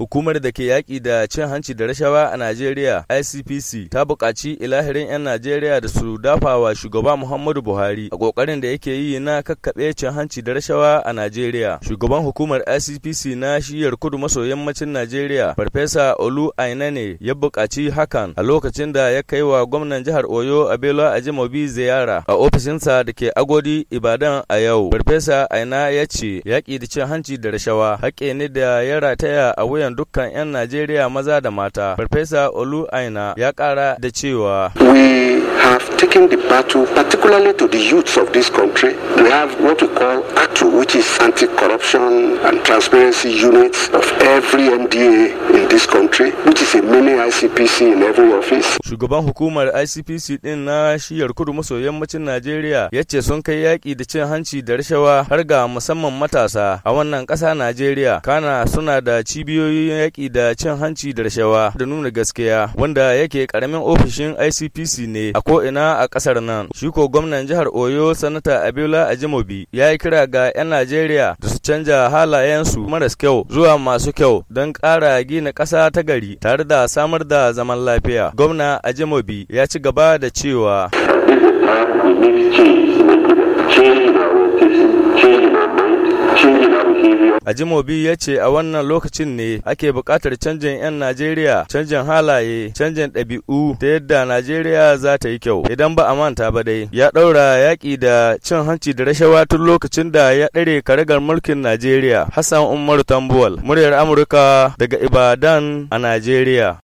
Hukumar da ke yaƙi da cin hanci da rashawa a Najeriya ICPC ta buƙaci ilahirin 'yan Najeriya da su dafawa shugaba Muhammadu Buhari a ƙoƙarin da yake yi na kakkaɓe cin hanci da rashawa a Najeriya. Shugaban hukumar ICPC na shiyar kudu maso yammacin Najeriya Farfesa Olu ne ya buƙaci hakan a lokacin da ya kai wa gwamnan jihar Oyo Abelo Ajimobi ziyara a ofishinsa da ke Agodi Ibadan a yau. Farfesa Aina ya ce yaƙi da cin hanci da rashawa haƙƙi ne da ya rataya a wuyan miliyan dukkan 'yan Najeriya maza da mata, Farfesa Olu Aina ya kara da cewa. We have taken the battle particularly to the youths of this country. We have what we call ACTU, which is anti-corruption and transparency units of every MDA in this country, which is a mini ICPC in every office. Shugaban hukumar ICPC din na shiyar kudu maso yammacin Najeriya ya ce sun kai yaƙi da cin hanci da rashawa har ga musamman matasa a wannan ƙasa Najeriya. Kana suna da cibiyoyi hanyoyin yaƙi da cin hanci da rashawa da nuna gaskiya wanda yake karamin ofishin ICPC ne a ko'ina a ƙasar nan. Shi ko gwamnan jihar Oyo sanata Abiola Ajimobi ya yi kira ga 'yan Najeriya da su canja halayensu maras kyau zuwa masu kyau don ƙara gina ƙasa ta gari tare da samar da zaman lafiya. Gwamna Ajimobi ya ci gaba da cewa. Ajimobi ya ce a wannan lokacin ne ake buƙatar canjin 'yan Najeriya, canjin halaye, canjin ɗabi'u ta yadda Najeriya za ta yi kyau. Idan ba a manta ba dai, ya ɗaura yaƙi da cin hanci da rashawa tun lokacin da ya ɗare karagar mulkin Najeriya. Hassan Umaru Tambuwal, muryar Amurka daga Ibadan a Najeriya.